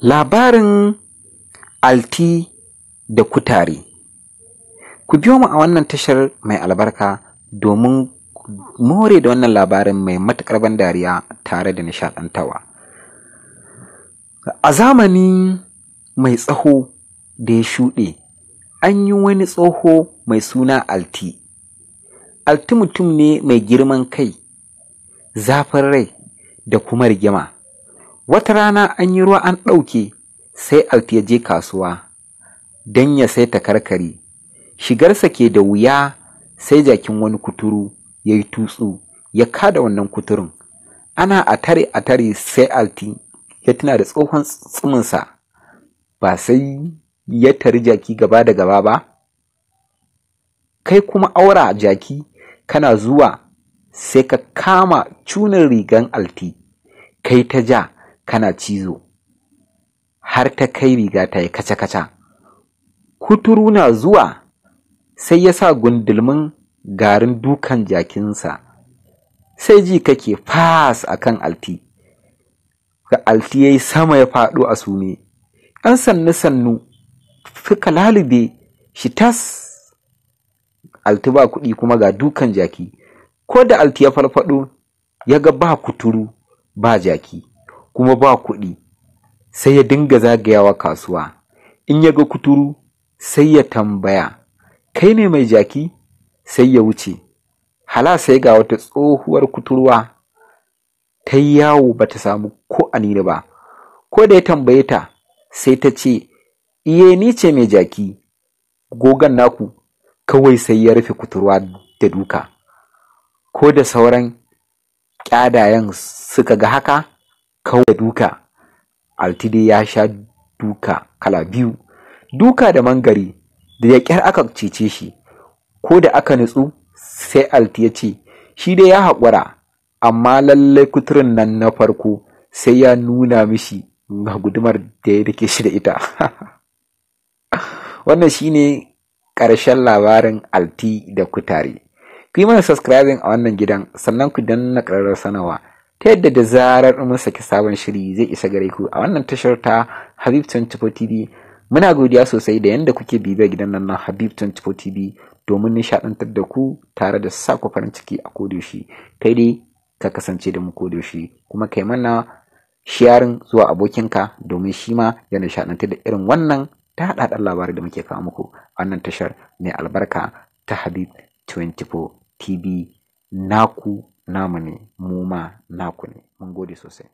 labarin alti da kutare ku biyo mu a wannan tashar mai albarka domin more da wannan labarin mai matuƙar ban dariya tare da nishaɗantawa a zamani mai tsaho da ya shuɗe an yi wani tsoho mai suna alti alti mutum ne mai girman kai zafin rai da kuma rigima wata rana an yi ruwa an ɗauke sai Alti yaje je kasuwa don ya sai ta karkare shigarsa ke da wuya sai jakin wani kuturu ya yi tutsu ya kada wannan kuturun ana a tare a tare sai alti ya tuna da tsohon tsuminsa ba sai ya tari jaki gaba da gaba ba kai kuma aura jaki kana zuwa sai ka kama cunin rigan alti kai ta ja kana cizo har ta kai riga ta yi kaca-kaca kuturu na zuwa sai ya sa gundulmin garin dukan jakinsa sai ji kake fas a kan alti ga alti ya yi sama ya faɗo a sume ɗan sannu-sannu suka lalube shi tas alti ba kuɗi kuma ga dukan jaki ko da alti ya farfaɗo ya ga ba kuturu ba jaki kuma ba kuɗi sai ya dinga zagayawa kasuwa in ya ga kuturu sai ya tambaya kai ne mai jaki sai ya wuce hala sai ga wata tsohuwar kuturwa ta yawo ba ta samu ko anini ba ko da ya tambaye ta sai ta ce iye ni ce mai jaki gogan naku kawai sai ya rufe kuturwa da duka ko da sauran ƙyadayen suka ga haka kawai duka altidi ya sha duka kala biyu duka da mangari da ya ƙyar aka cece shi ko da aka nutsu sai alti ya ce shi dai ya haƙura amma lallai kuturin nan na farko sai ya nuna mishi ga gudumar da ya rike shi da ita wannan shine ƙarshen labarin alti da kutare ku yi mana subscribing a wannan gidan sannan ku danna ƙararrar sanawa ta yadda da zarar mun saki sabon shiri zai isa gare ku a wannan tashar ta Habib 24 TV muna godiya sosai da yanda kuke bibiya gidan nan na Habib 24 TV domin nishadantar da ku tare da sa ku farin ciki a kodoshi kai dai ka kasance da mu kodoshi kuma kai mana sharing zuwa abokinka domin shi ma ya nishadantar da irin wannan ta haɗaɗɗen labarai da muke kawo muku a wannan tashar mai albarka ta Habib 24 TV naku namu ne mu ma naku ne mun gode sosai